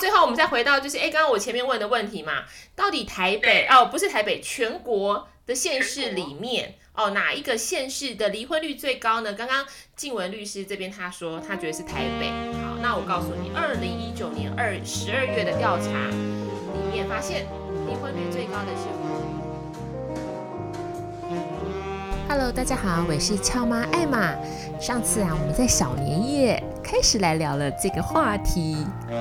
最後我們再回到就是誒，剛剛我前面問的問題嘛，到底台北哦，不是台北，全國的縣市裡面哦，哪一個縣市的離婚率最高呢？剛剛靜文律師這邊他說他覺得是台北。好，那我告訴你，二零一九年二、十二月的調查裡面發現離婚率最高的是。Hello，大家好，我是俏媽艾瑪。上次啊，我們在小年夜開始來聊了這個話題，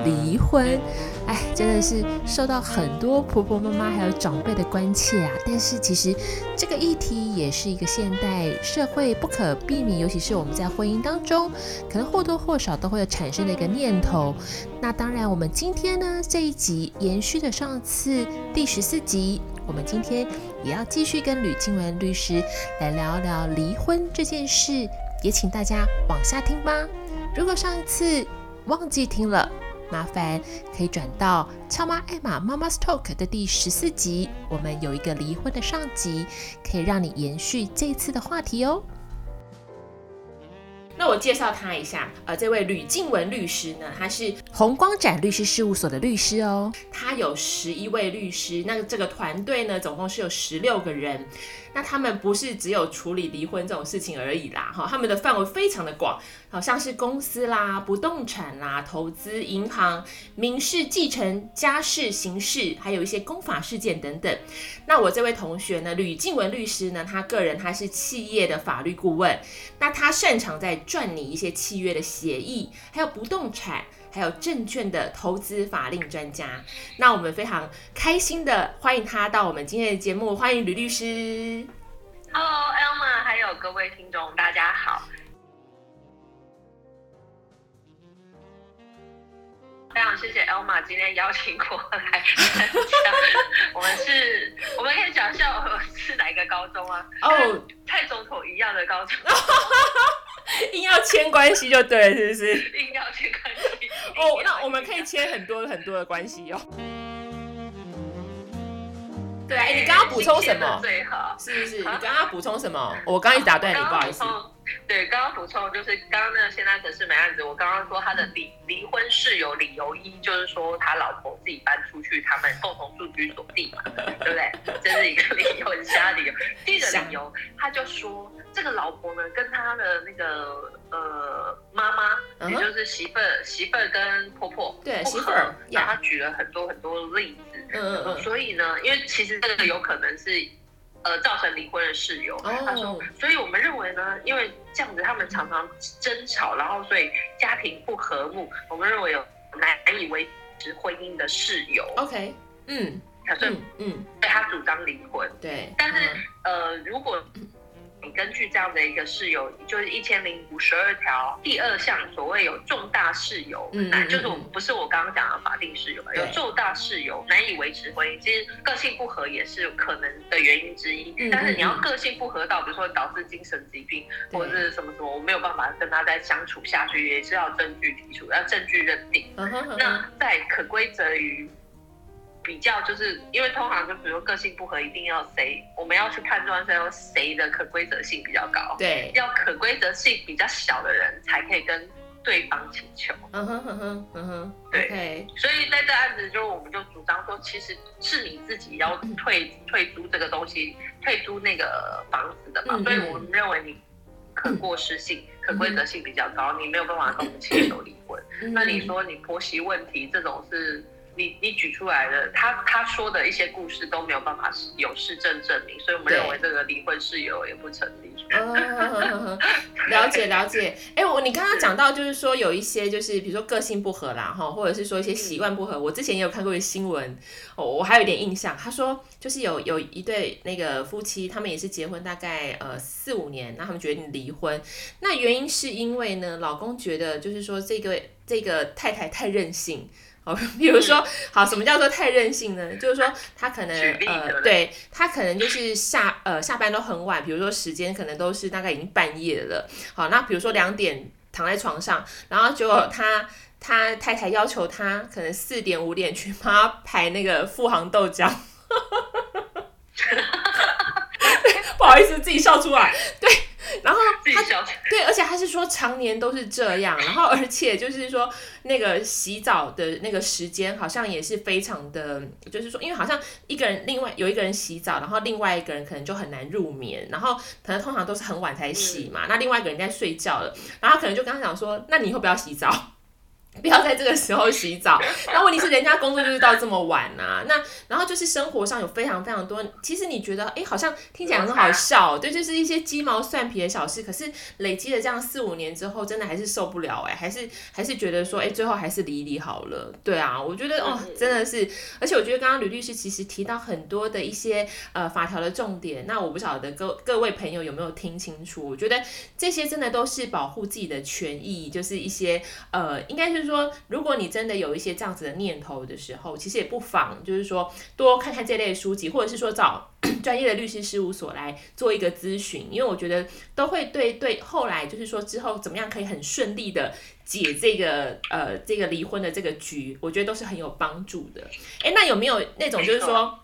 離婚。哎，真的是受到很多婆婆媽媽還有長輩的關切啊。但是其實這個議題也是一個現代社會不可避免，尤其是我們在婚姻當中，可能或多或少都會有產生的一個念頭。那當然，我們今天呢這一集延續的上次第十四集，我們今天。也要繼續跟呂靜玟律師來聊聊離婚這件事，也請大家往下聽吧。如果上一次忘記聽了，麻煩可以轉到俏媽艾瑪媽媽 's Talk 的第十四集，我們有一個離婚的上集，可以讓你延續這次的話題哦。那我介紹他一下，呃，這位呂靜玟律師呢，他是宏光展律師事務所的律師哦，他有十一位律師，那這個團隊呢，總共是有十六個人。那他們不是只有處理離婚這種事情而已啦，哈，他們的範圍非常的廣，好像是公司啦、不動產啦、投資、銀行、民事繼承、家事刑事，還有一些公法事件等等。那我這位同學呢，呂靜玟律師呢，他個人他是企業的法律顧問，那他擅長在撰擬一些契約的協議，還有不動產。還有證券的投資法令專家，那我們非常開心的歡迎他到我們今天的節目，歡迎呂律師。Hello，Elma，還有各位聽眾，大家好。非常謝謝 Elma 今天邀請過來。 我們是，我們可以講一下我們是哪一個高中啊？哦，跟蔡總統一樣的高中。 硬要簽關係就對了，是不是？硬要簽關係 哦，那我們可以簽很多很多的關係喲、哦。對啊、欸，你剛剛補充什麼最好？是不是，啊、你剛剛補充什麼？啊、我剛剛一直打斷你，不好意思。對，剛剛補充就是剛剛那個現代陳世美案子。我剛剛說他的離離婚是有理由因，一就是說他老婆自己搬出去，他們共同，同住居所地嘛， 對不對？這，就是一個。 家裡第一個理由，他就說，這個老婆呢，跟他的那個呃媽媽，也就是媳婦、uh -huh. 媳婦跟婆婆對，媳婦然後他舉了很多很多例子。Yeah. 所以呢，因為其實這個有可能是呃造成離婚的事由。Oh. 他說，所以我們認為呢，因為這樣子他們常常爭吵，然後所以家庭不和睦。我們認為有難以維持婚姻的事由。OK，嗯。才算他說：“嗯，對他主張離婚。對，但是、嗯、呃，如果你根據這樣的一個事由，就是一千零五十二條第二項所謂有重大事由，嗯，嗯，嗯、啊，就是我不是我剛剛講的法定事由嘛，有重大事由難以維持婚姻，其實個性不合也是有可能的原因之一、嗯嗯。但是你要個性不合到比如說導致精神疾病、嗯、或者是什麼什麼，我沒有辦法跟他再相處下去，也是要證據提出，要證據認定。嗯嗯嗯、那在可歸責於。”比較就是因為通常就比如個性不合，一定要誰我們要去判斷要誰的可歸責性比較高，對，要可歸責性比較小的人才可以跟對方請求，嗯哼哼、嗯、哼，嗯哼，對，okay. 所以在這案子就我們就主張說，其實是你自己要退、嗯、退租這個東西，退租那個房子的嘛，嗯、所以我們認為你可過失性、嗯、可歸責性比較高，你沒有辦法跟我們請求離婚、嗯。那你說你婆媳問題這種是？你你舉出來的他他說的一些故事都沒有辦法有事證證明，所以我們認為這個離婚事由也不成立。了、哦、解 了解，哎，我、欸、你剛剛講到就是說有一些就是比如說個性不合啦哈，或者是說一些習慣不合。我之前也有看過一個新聞，我、哦、我還有一點印象，他說就是有有一對那個夫妻，他們也是結婚大概呃四五年，那他們決定離婚，那原因是因為呢老公覺得就是說這個這個太太太任性。 比如說，好，什麼叫做太任性呢？ 就是說，他可能，可能呃，對他可能就是下呃下班都很晚，比如說，時間可能都是大概已經半夜了。好，那比如說兩點躺在床上，然後結果他、嗯、他，他太太要求他可能四點五點去幫他排那個富航豆漿。 不好意思，自己笑出來。 對。然後他就對，而且他是說常年都是這樣。然後，而且就是說那個洗澡的那個時間好像也是非常的，就是說，因為好像一個人另外有一個人洗澡，然後另外一個人可能就很難入眠。然後可能通常都是很晚才洗嘛，那另外一個人在睡覺了，然後可能就跟他講說：“那你以後不要洗澡。”不要在這個時候洗澡。那問題是，人家工作就是到這麼晚啊。那然後就是生活上有非常非常多。其實你覺得，哎、欸，好像聽起來很好笑，對，就是一些雞毛蒜皮的小事。可是累積了這樣四五年之後，真的還是受不了、欸，哎，還是還是覺得說，哎、欸，最後還是離一離好了。對啊，我覺得哦，真的是。而且我覺得剛剛呂律師其實提到很多的一些呃法條的重點。那我不曉得各各位朋友有沒有聽清楚？我覺得這些真的都是保護自己的權益，就是一些呃，應該就是。就是、說，如果你真的有一些這樣子的念頭的時候，其實也不妨就是說多看看這類書籍，或者是說找專業的律師事務所來做一個諮詢，因為我覺得都會對對後來就是說之後怎麼樣可以很順利的解這個呃這個離婚的這個局，我覺得都是很有幫助的。誒、欸，那有沒有那種就是說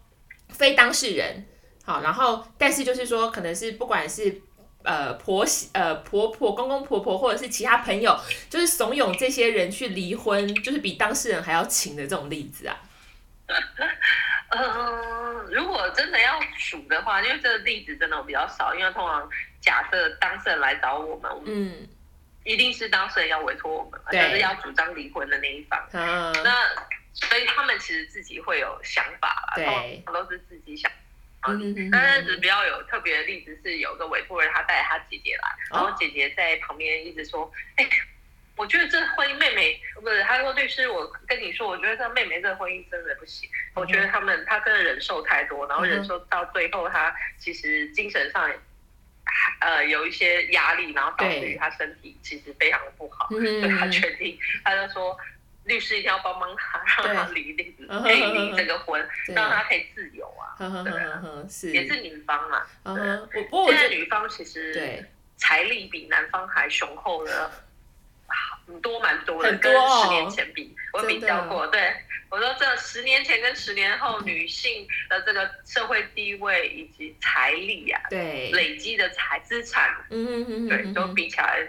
非當事人？好，然後但是就是說可能是不管是。呃婆媳、呃婆婆、公公婆婆或者是其他朋友，就是慫恿這些人去離婚，就是比當事人還要勤的這種例子啊。嗯、呃，如果真的要數的話，因為這個例子真的我比較少，因為通常假設當事人來找我們，嗯、我們一定是當事人要委托我們，就是要主張離婚的那一方。嗯、那所以他們其實自己會有想法啦，對，都是自己想。那陣子比較有特別的例子是，有個委託人他帶他姐姐來，然後姐姐在旁邊一直說：“哎、欸，我覺得這婚姻妹妹不是。”他說：“律師，我跟你說，我覺得這妹妹這婚姻真的不行。我覺得他們他真的忍受太多，然後忍受到最後，他其實精神上呃有一些壓力，然後導致於他身體其實非常的不好。對”所以他確定，他就說。律師一定要幫幫他，讓他離離可以離這個婚，uh -huh, uh -huh, 讓他可以自由啊。對，是、啊 uh -huh, uh -huh, 也是女方嘛。嗯、uh -huh,。Uh -huh, 現在女方其實對財力比男方還雄厚的，多、uh -huh. 蠻多的多、哦，跟十年前比，我比較過。對，我說這十年前跟十年後 女性的這個社會地位以及財力啊，對，累積的財資產，嗯嗯嗯，對，都比起來。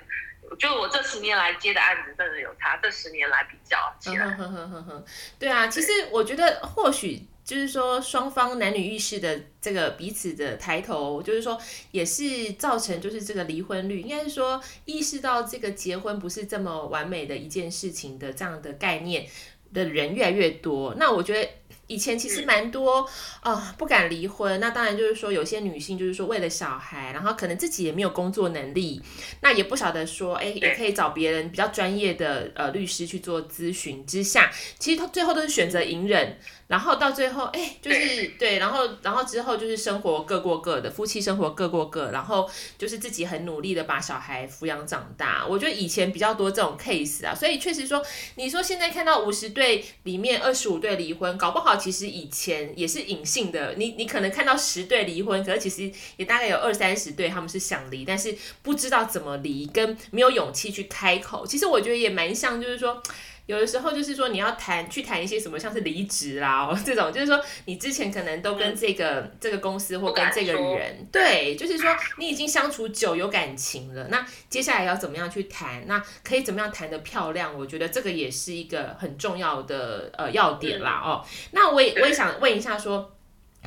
我覺得我這十年來接的案子，真的有差。這十年來比較起來。呵呵呵呵，對啊，對，其實我覺得或許就是說，雙方男女意識的這個彼此的抬頭，就是說，也是造成就是這個離婚率，應該是說意識到這個結婚不是這麼完美的一件事情的這樣的概念的人越來越多。那我覺得。以前其實蠻多啊、呃，不敢離婚。那當然就是說，有些女性就是說為了小孩，然後可能自己也沒有工作能力，那也不曉得說，哎、欸，也可以找別人比較專業的呃律師去做諮詢之下，其實她最後都是選擇隱忍。然後到最後，哎，就是對，然後然後之後就是生活各過各的，夫妻生活各過各，然後就是自己很努力的把小孩撫養長大。我覺得以前比較多這種 case 啊，所以確實說，你說現在看到五十對裡面二十五對離婚，搞不好其實以前也是隱性的，你你可能看到十對離婚，可是其實也大概有二三十對他們是想離，但是不知道怎麼離，跟沒有勇氣去開口。其實我覺得也蠻像，就是說。有的時候就是說，你要談去談一些什麼，像是離職啦、哦、這種，就是說你之前可能都跟這個、嗯、這個公司或跟這個人，對，就是說你已經相處久有感情了，那接下來要怎麼樣去談？那可以怎麼樣談得漂亮？我覺得這個也是一個很重要的呃要點啦哦。那我也我也想問一下說。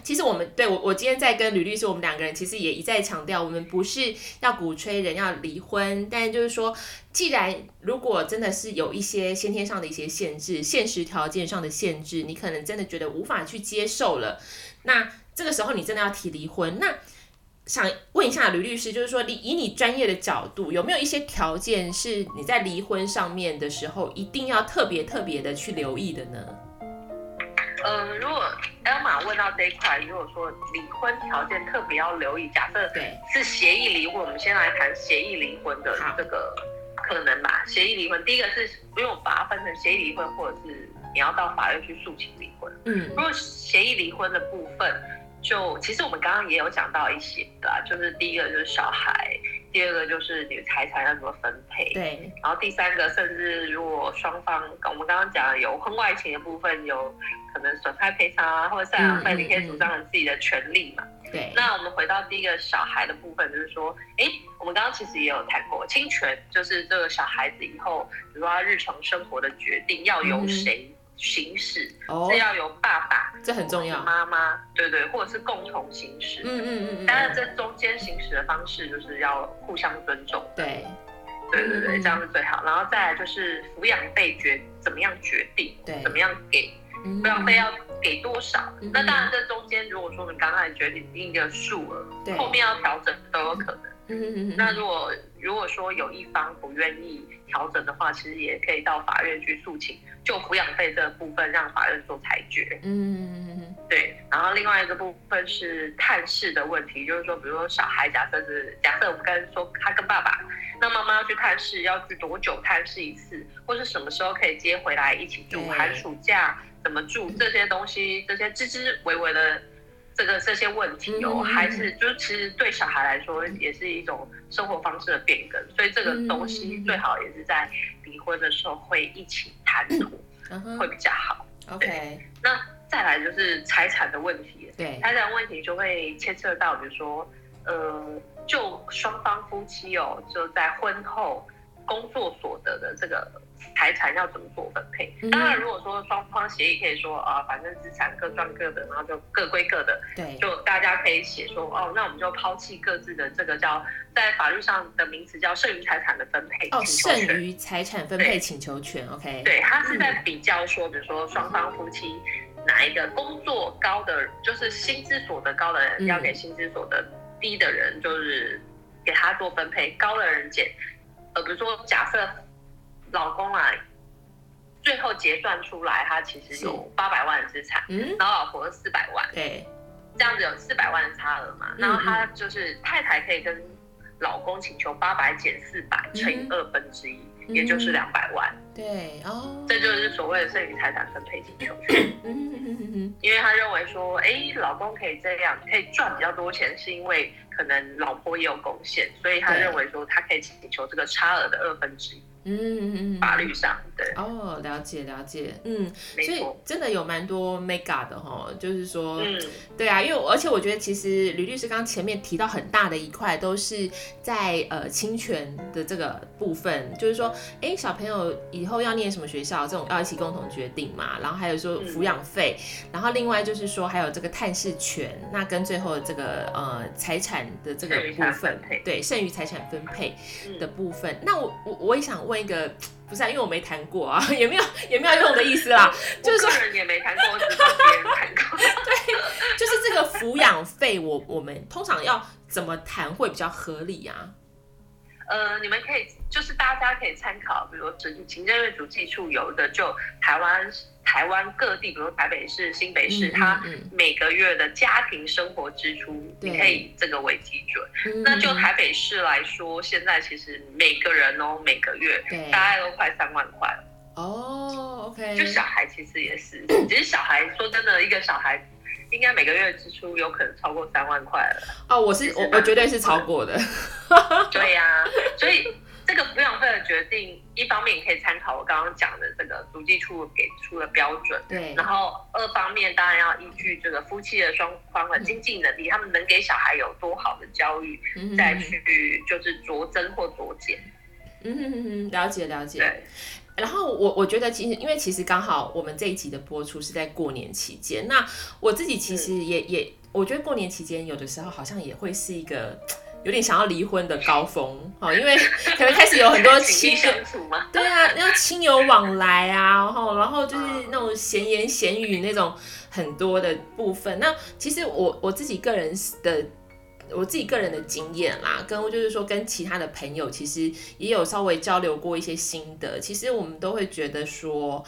其實我們對我，我今天在跟呂律師，我們兩個人其實也一再強調，我們不是要鼓吹人要離婚，但就是說，既然如果真的是有一些先天上的一些限制，現實條件上的限制，你可能真的覺得無法去接受了，那這個時候你真的要提離婚。那想問一下呂律師，就是說，你以你專業的角度，有沒有一些條件是你在離婚上面的時候一定要特別特別的去留意的呢？嗯、呃，如果艾瑪問到這一塊，如果說離婚條件特別要留意，假設對，是協議離婚，我們先來談協議離婚的這個可能吧。協議離婚，第一個是不用把它分成協議離婚，或者是你要到法院去訴請離婚。嗯，如果協議離婚的部分，就其實我們剛剛也有講到一些的，就是第一個就是小孩。第二個就是你的財產要怎麼分配，對，然後第三個甚至如果雙方我們剛剛講了有婚外情的部分，有可能損害賠償啊或者贍養費，你可以主張你自己的權利嘛、嗯嗯嗯。對，那我們回到第一個小孩的部分，就是說，哎，我們剛剛其實也有談過，親權就是這個小孩子以後，比如說他日常生活的決定要由誰。嗯行駛是要由爸爸，哦、這很重要。媽媽，對對，或者是共同行使。嗯嗯嗯當然，這中間行使的方式就是要互相尊重。對，對對對，嗯嗯、這樣是最好。然後再來就是撫養費決怎麼樣決定，對，怎麼樣給，嗯、撫養費要給多少？嗯、那當然，這中間如果說你剛才決定定一個數額對，後面要調整都有可能。嗯嗯嗯 那如果如果說有一方不願意調整的話，其實也可以到法院去訴請，就撫養費這個部分讓法院做裁決。嗯， 對。然後另外一個部分是探視的問題，就是說，比如說小孩，假設是假設我們跟說他跟爸爸，那媽媽要去探視，要去多久探視一次，或是什麼時候可以接回來一起住，寒暑假 怎麼住，這些東西，這些枝枝微微的。這個這些問題哦，嗯、還是就是其實對小孩來說也是一種生活方式的變更，嗯，所以這個東西最好也是在離婚的時候會一起談妥，嗯，會比較好，嗯對。OK，那再來就是財產的問題，對，財產問題就會牽涉到，比如說，呃，就雙方夫妻哦，就在婚後工作所得的這個。財產要怎麼做分配？當然，如果說雙方協議，可以說啊，反正資產各賺各的，然後就各歸各的。對，就大家可以寫說哦，那我們就拋棄各自的這個叫在法律上的名詞叫剩餘財產的分配哦，剩餘財產分配請求權。OK，對，對，他是在比較說，比如說雙方夫妻哪一個工作高的，就是薪資所得高的人要給薪資所得低的人，就是給他做分配，高的人減。呃，比如說假設。老公啊，最後結算出來，他其實有八百萬的資產，嗯，然後老婆四百萬，對，okay.，這樣子有四百萬的差額嘛，嗯嗯。然後他就是太太可以跟老公請求八百減四百乘以二分之一，嗯嗯，也就是兩百萬嗯嗯，對，哦，oh.，這就是所謂的剩餘財產分配請求權咳咳。因為他認為說，哎，欸，老公可以這樣，可以賺比較多錢，是因為可能老婆也有貢獻，所以他認為說，他可以請求這個差額的二分之一。嗯嗯嗯，法律上對哦，了解了解，嗯，所以真的有蠻多 mega 的哈，就是說、嗯，對啊，因為而且我覺得其實呂律師剛剛前面提到很大的一塊都是在呃親權的這個部分，就是說，哎，小朋友以後要念什麼學校這種要一起共同決定嘛，然後還有說撫養費、嗯，然後另外就是說還有這個探視權，那跟最後這個呃財產的這個部分，分對剩餘財產分配的部分，嗯、那我我我也想問。那個不是啊，因為我沒談過啊，也沒有也沒有用的意思啦， 就是說別人談過 對，就是這個撫養費，我我們通常要怎麼談會比較合理啊？呃，你們可以就是大家可以參考，比如說行政院主計處有的就台灣台灣各地，比如台北市、新北市，嗯嗯嗯，它每個月的家庭生活支出，你可以這個為基準。嗯、那就台北市來說，現在其實每個人哦，每個月大概都快三萬塊哦。OK，就小孩其實也是，嗯、其實小孩說真的，一個小孩。應該每個月支出有可能超過三萬塊了。哦，我是，是我，我絕對是超過的。 對呀、啊，所以這個撫養費的決定，一方面你可以參考我剛剛講的這個主計處給出的標準，對。然後二方面當然要依據這個夫妻的雙方的經濟能力、嗯，他們能給小孩有多好的教育，嗯、再去就是酌增或酌減。嗯哼哼，了解了解。然後我我覺得其實因為其實剛好我們這一集的播出是在過年期間，那我自己其實也、嗯、也我覺得過年期間有的時候好像也會是一個有點想要離婚的高峰，哦， 因為可能開始有很多親 對啊，那種親友往來啊，然 後然後就是那種閒言閒語那種很多的部分。那其實我我自己個人的。我自己個人的經驗啦，跟就是說跟其他的朋友，其實也有稍微交流過一些心得。其實我們都會覺得說，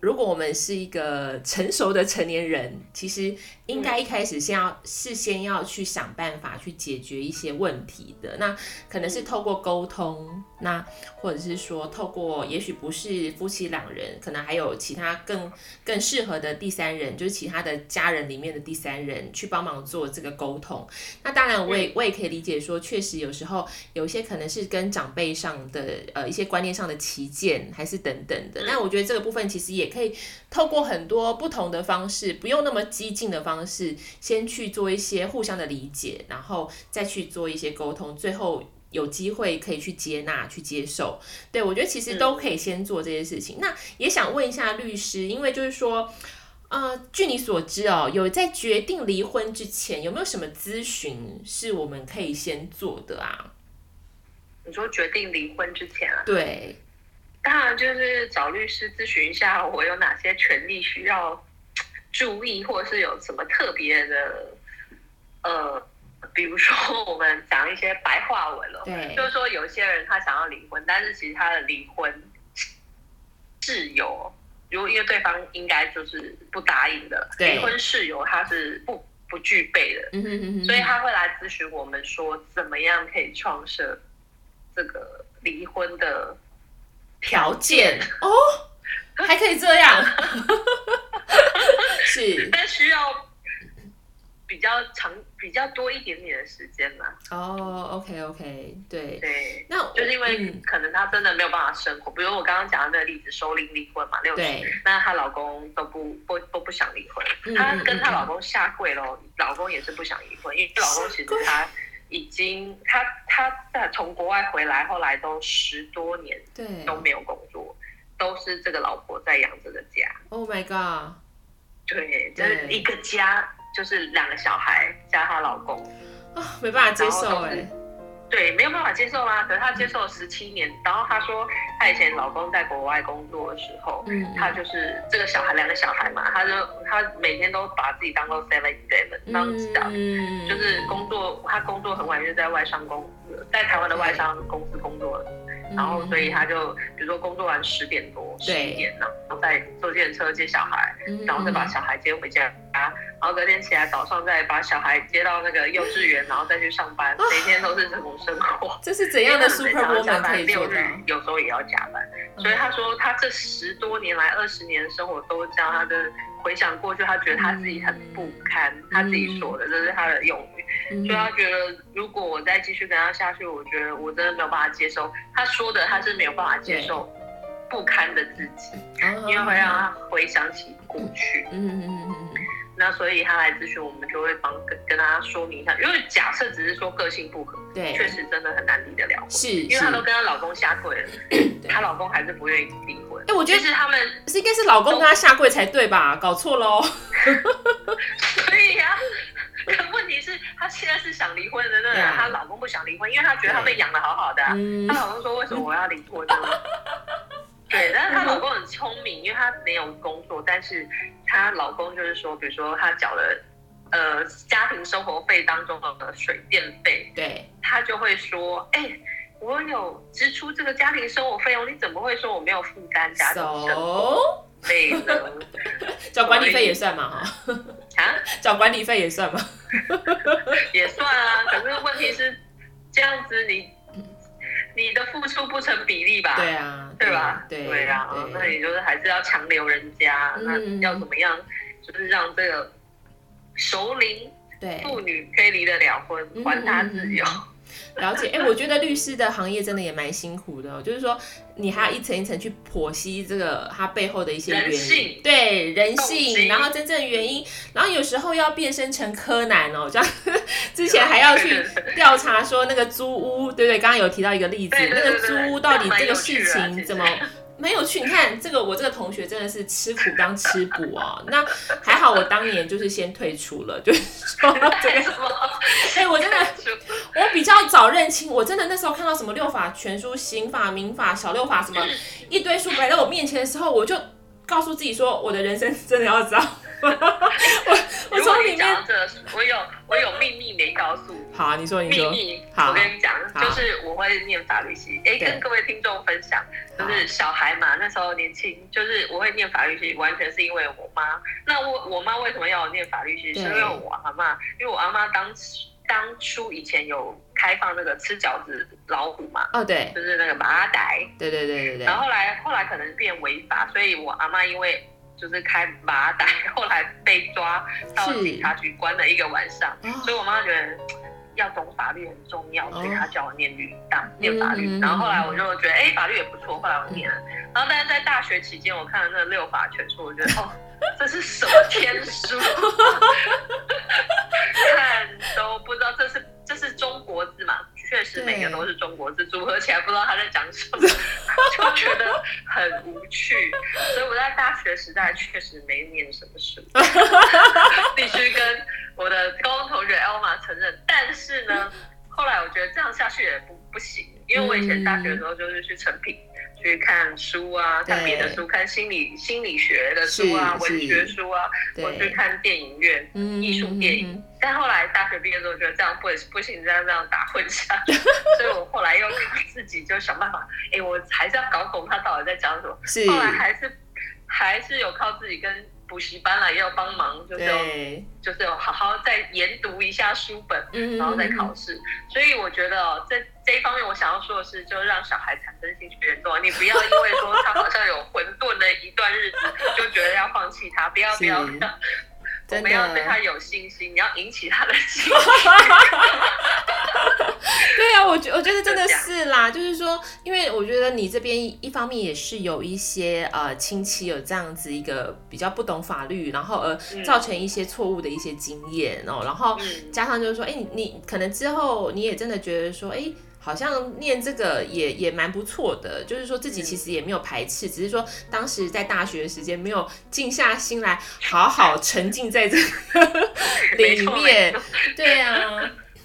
如果我們是一個成熟的成年人，其實。應該一開始先要事先要去想辦法去解決一些問題的，那可能是透過溝通，那或者是說透過，也許不是夫妻兩人，可能還有其他更更適合的第三人，就是其他的家人裡面的第三人去幫忙做這個溝通。那當然，我也我也可以理解說，確實有時候有些可能是跟長輩上的呃一些觀念上的歧見還是等等的。那我覺得這個部分其實也可以透過很多不同的方式，不用那麼激進的方式。是先去做一些互相的理解，然後再去做一些溝通，最後有機會可以去接納、去接受。對，我覺得其實都可以先做這些事情，嗯。那也想問一下律師，因為就是說，呃，據你所知哦，有在決定離婚之前有沒有什麼諮詢是我們可以先做的啊？你說決定離婚之前啊？對，當然就是找律師諮詢一下，我有哪些權利需要。注意，或者是有什麼特別的，呃，比如說我們講一些白話文了，對，就是說有些人他想要離婚，但是其實他的離婚事由，如果因為對方應該就是不答應的，離婚事由他是不不具備的。嗯哼嗯哼，所以他會來諮詢我們說怎麼樣可以創設這個離婚的條件哦， 還可以這樣。 是，但需要比較長、比較多一點點的時間嘛？哦、oh，OK，OK、okay, okay, 對對。那就是因為可能她真的沒有辦法生活，嗯、比如我剛剛講的那個例子，收林離婚嘛，六歲，那她老公都不都不都不想離婚，她、嗯、跟她老公下跪了，嗯，老公也是不想離婚，因為老公其實他已經 他他在從國外回來，後來都十多年，都沒有工作，哦，都是這個老婆在養這個家。Oh my god！對，就是一個家，就是兩個小孩加她老公啊、哦，沒辦法接受、就是、對，沒有辦法接受啊。可是她接受了十七年，然後她說，她以前老公在國外工作的時候，嗯，她就是這個小孩，兩個小孩嘛，她就她每天都把自己當做 seven eleven 當小、嗯，就是工作，她工作很晚，就在外商公司，在台灣的外商公司工作了。嗯嗯。然後，所以他就比如說工作完十點多、十一點，然後再坐電車接小孩，嗯嗯，然後再把小孩接回家嗯嗯，然後隔天起來早上再把小孩接到那個幼稚園， 然後再去上班，哦、每天都是這種生活。這是怎樣的 superwoman？六日有時候也要加班、嗯，所以他說他這十多年來、二、嗯、十年的生活都這樣。他就回想過去，他覺得他自己很不堪。嗯、他自己說的，這、就是他的勇。所以他覺得，如果我再繼續跟他下去，我覺得我真的沒有辦法接受他說的，他是沒有辦法接受不堪的自己，因為會讓他回想起過去。嗯嗯嗯嗯。那所以他來諮詢，我們就會幫跟跟她說明一下。如果假設只是說個性不合，對，確實真的很難離得了是是，因為她都跟她老公下跪了，她老公還是不願意離婚，欸。我覺得是他們，是應該是老公跟她下跪才對吧？搞錯嘍。 是她現在是想離婚的，那她、啊、老公不想離婚，因為她覺得她被養的好好的、啊。她老公說：“為什麼我要離婚？” 對，但是她老公很聰明，因為她沒有工作，但是她老公就是說，比如說她繳了呃家庭生活費當中的水電費，對，他就會說：“哎、欸，我有支出這個家庭生活費用、哦，你怎麼會說我沒有負擔家庭生活費？交、so? 管理費也算嘛？” 找管理費也算吧 也算啊，可是問題是這樣子你，你 你的付出不成比例吧？對啊，對吧？對啊，對對對，那你就是還是要強留人家、啊啊，那要怎麼樣？就是讓這個熟齡婦女可以離得了婚，還她自由。 了解，哎、欸，我覺得律師的行業真的也蠻辛苦的，哦，就是說你還要一層一層去剖析這個它背後的一些原因，對人性，對人性，然後真正原因，然後有時候要變身成柯南哦，這樣之前還要去調查說那個租屋，對不對，剛剛有提到一個例子對對對對對，那個租屋到底這個事情怎麼？沒有去，你看這個，我這個同學真的是吃苦當吃補哦、啊。那還好，我當年就是先退出了，對、就是，這個，所以、欸、我真的，我比較早認清，我真的那時候看到什麼六法全書、刑法、民法、小六法什麼一堆書擺在我面前的時候，我就告訴自己說，我的人生真的要糟。 我我跟你講到這，我有我有秘密沒告訴你。好，你說你說秘密。好，我跟你講，就是我會念法律系。誒、欸，跟各位聽眾分享，就是小孩嘛，那時候年輕，就是我會念法律系，完全是因為我媽。那我我媽為什麼要我念法律系？是因為我阿媽，因為我阿媽當當初以前有開放那個吃角子老虎嘛。哦，對，就是那個麻袋。對對對對對。然後，後來後來可能變違法，所以我阿媽因為。就是開馬達，後來被抓到警察局關了一個晚上，嗯、所以我媽覺得要懂法律很重要，所以她叫我念律當念法律嗯嗯嗯嗯。然後後來我就覺得，哎、欸，法律也不錯，後來我念了。然後但是在大學期間，我看了那六法全書，我覺得哦，這是什麼天書， 看都不知道這是。確實每個都是中國字，組合起來不知道他在講什麼， 就覺得很無趣。所以我在大學時代確實沒念什麼書， 必須跟我的高中同學艾瑪承認。但是呢，後來我覺得這樣下去也不不行，因為我以前大學的時候就是去成品、嗯、去看書啊，看別的書，看心理心理學的書啊，文學書啊，我去看電影院，嗯、藝術電影。嗯但後來大學畢業之後，覺得這樣不不行，這樣這樣打混下， 所以我後來又靠自己，就想辦法。哎、欸，我還是要搞懂他到底在講什麼？後來還是還是有靠自己跟補習班了也有幫忙，就是有就是有好好再研讀一下書本，然後再考試，嗯嗯。所以我覺得在這一方面，我想要說的是，就讓小孩產生興趣越多，你不要因為說他好像有混沌的一段日子， 就覺得要放棄他，不要不要。真的要對他有信心，你要引起他的興趣。 對啊，我覺我覺得真的是啦，就，就是說，因為我覺得你這邊一方面也是有一些呃親戚有這樣子一個比較不懂法律，然後而造成一些錯誤的一些經驗哦、嗯，然後加上就是說，哎、欸，你你可能之後你也真的覺得說，哎、欸。好像念這個也也蠻不錯的，就是說自己其實也沒有排斥、嗯，只是說當時在大學的時間沒有靜下心來好好沉浸在這個 裡面。對啊，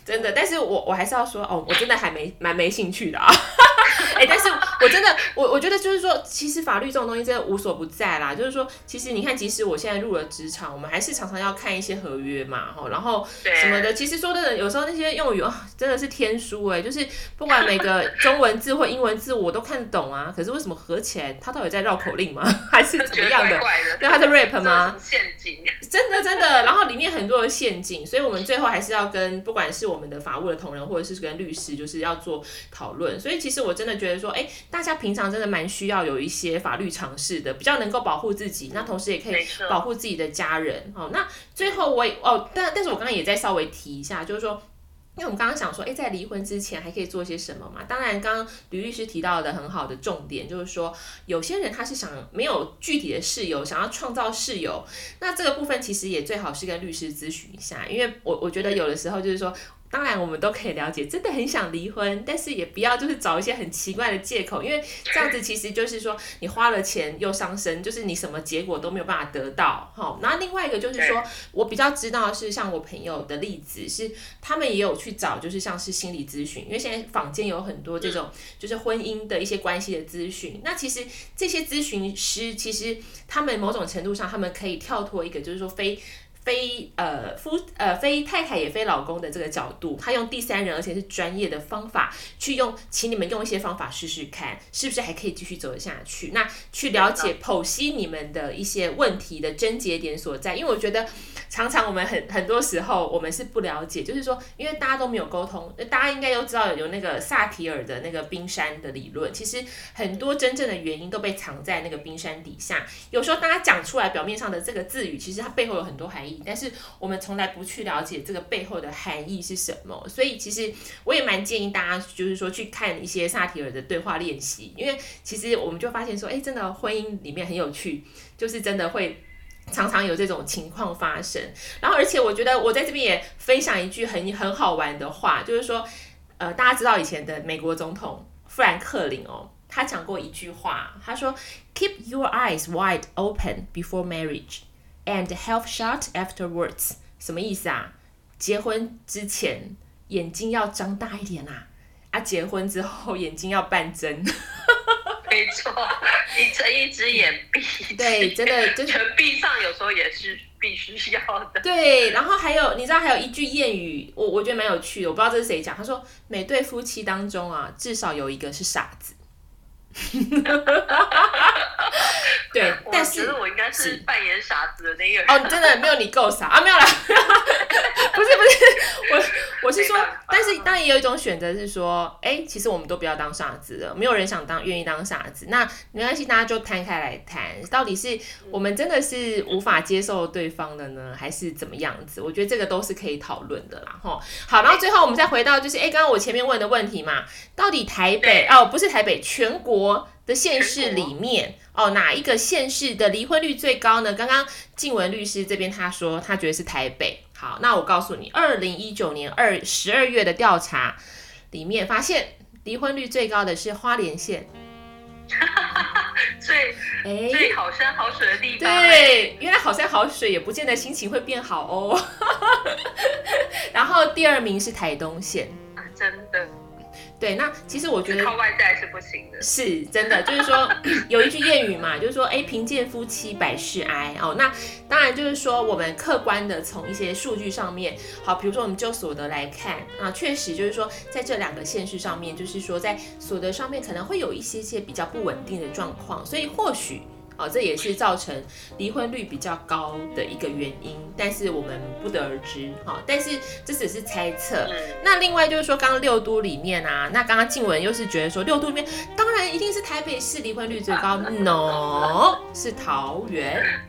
真的，但是我我還是要說，哦，我真的還沒蠻沒興趣的啊。 哎、欸，但是我真的，我我覺得就是說，其實法律這種東西真的無所不在啦。就是說，其實你看，即使我現在入了職場，我們還是常常要看一些合約嘛，哈，然後什麼的。其實說真的有時候那些用語哦、啊，真的是天書哎、欸。就是不管每個中文字或英文字，我都看懂啊。可是為什麼合起來，他到底在繞口令嗎？還是怎麼樣的？對，他在 rap 嗎？陷阱、啊，真的真的。然後裡面很多的陷阱，所以我們最後還是要跟不管是我們的法務的同仁，或者是跟律師，就是要做討論。所以其實我。我真的覺得說，誒、欸，大家平常真的蠻需要有一些法律常識的，比較能夠保護自己，那同時也可以保護自己的家人。哦。那最後我哦，但但是我剛剛也在稍微提一下，就是說，因為我們剛剛想說，誒、欸，在離婚之前還可以做些什麼嘛？當然，剛剛呂律師提到的很好的重點就是說，有些人他是想沒有具體的事由，想要創造事由，那這個部分其實也最好是跟律師諮詢一下，因為我我覺得有的時候就是說。嗯當然，我們都可以了解，真的很想離婚，但是也不要就是找一些很奇怪的借口，因為這樣子其實就是說你花了錢又傷身，就是你什麼結果都沒有辦法得到。好、哦，那另外一個就是說，我比較知道的是像我朋友的例子，是他們也有去找，就是像是心理諮詢，因為現在坊間有很多這種就是婚姻的一些關係的諮詢。那其實這些諮詢師其實他們某種程度上，他們可以跳脫一個，就是說非。非呃夫呃非太太也非老公的這個角度，他用第三人，而且是專業的方法去用，請你們用一些方法試試看，是不是還可以繼續走下去？那去了解剖析你們的一些問題的症結點所在，因為我覺得常常我們很很多時候我們是不了解，就是說因為大家都沒有溝通。大家應該都知道有那個薩提爾的那個冰山的理論，其實很多真正的原因都被藏在那個冰山底下。有時候大家講出來表面上的這個字語，其實它背後有很多含義。但是我們從來不去了解這個背後的含義是什麼，所以其實我也蠻建議大家，就是說去看一些薩提爾的對話練習，因為其實我們就發現說，誒，真的婚姻裡面很有趣，就是真的會常常有這種情況發生。然後，而且我覺得我在這邊也分享一句很很好玩的話，就是說，呃，大家知道以前的美國總統富蘭克林哦，他講過一句話，他說：“Keep your eyes wide open before marriage.” And half shut afterwards，什麼意思啊？結婚之前眼睛要張大一點啦、啊。啊，結婚之後眼睛要半睜。沒錯，一隻一隻眼閉。 對，真的，就全閉上，有時候也是必須要的。對，然後還有，你知道還有一句諺語，我我覺得蠻有趣的，我不知道這是誰講。他說，每對夫妻當中啊，至少有一個是傻子。 對，但是我覺得我應該是扮演傻子的那個人哦。真的沒有你夠傻啊。沒有啦， 不是不是，我是我是說，但是當然也有一種選擇是說，哎、欸，其實我們都不要當傻子了，沒有人想當，願意當傻子，那沒關係，大家就攤開來談，到底是我們真的是無法接受對方的呢，還是怎麼樣子？我覺得這個都是可以討論的啦，哈，好，然後最後我們再回到就是，哎、欸，剛剛我前面問的問題嘛，到底台北哦，不是台北，全國。的縣市裡面是是哦，哪一個縣市的離婚率最高呢？剛剛靜玟律師這邊他說他覺得是台北。好，那我告訴你，二零一九年二十二月的調查裡面發現，離婚率最高的是花蓮縣、 欸。最最好山好水的地方，對，原來好山好水也不見得心情會變好哦。 然後第二名是台東縣、啊，真的。對，那其實我覺得靠外在是不行的，是真的。就是說， 有一句諺語嘛，就是說，哎，貧賤夫妻百事哀哦。那當然就是說，我們客觀的從一些數據上面，好，比如說我們就所得來看啊，確實就是說，在這兩個縣市上面，就是說在所得上面可能會有一些些比較不穩定的狀況，所以或許。好、哦、這也是造成離婚率比較高的一個原因，但是我們不得而知，哈、哦，但是這只是猜測。那另外就是說，剛剛六都裡面啊，那剛剛靜玟又是覺得說，六都裡面當然一定是台北市離婚率最高，no，是桃園。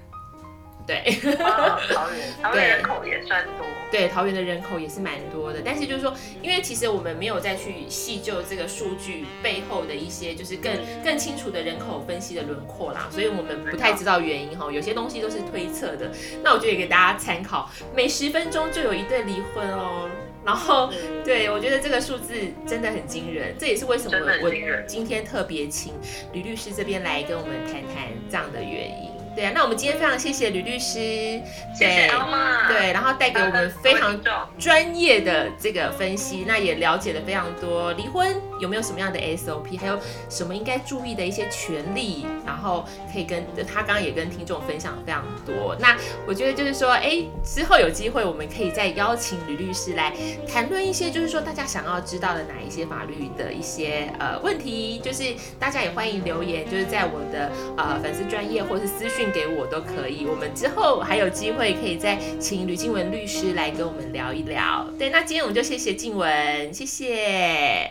對，哦、 對，桃園，桃園人口也算多。對，桃園的人口也是蠻多的，但是就是說，因為其實我們沒有再去細究這個數據背後的一些，就是更、嗯、更清楚的人口分析的輪廓啦，所以我們不太知道原因哈。有些東西都是推測的。那我覺得也給大家參考，每十分鐘就有一對離婚哦、喔。然後，對，我覺得這個數字真的很驚人，這也是為什麼我今天特別請呂律師這邊來跟我們談談這樣的原因。對啊，那我們今天非常謝謝呂律師，謝謝艾瑪，對，然後帶給我們非常專業的這個分析，嗯、那也了解了非常多。離婚有沒有什麼樣的 SOP，還有什麼應該注意的一些權利，然後可以跟他剛剛也跟聽眾分享了非常多。那我覺得就是說，哎，之後有機會我們可以再邀請呂律師來談論一些，就是說大家想要知道的哪一些法律的一些呃問題，就是大家也歡迎留言，就是在我的呃粉絲專業或是私訊。給我都可以，我們之後還有機會可以再請呂靜玟律師來跟我們聊一聊。對，那今天我們就謝謝靜玟，謝謝。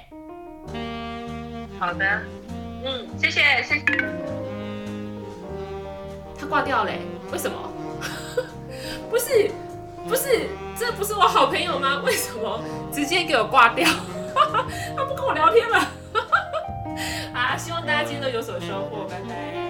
好的，嗯，謝謝，謝謝。他掛掉了，為什麼？ 不是，不是，這不是我好朋友嗎？為什麼直接給我掛掉？ 他不跟我聊天了。啊， 希望大家今天都有所收穫，嗯、拜拜。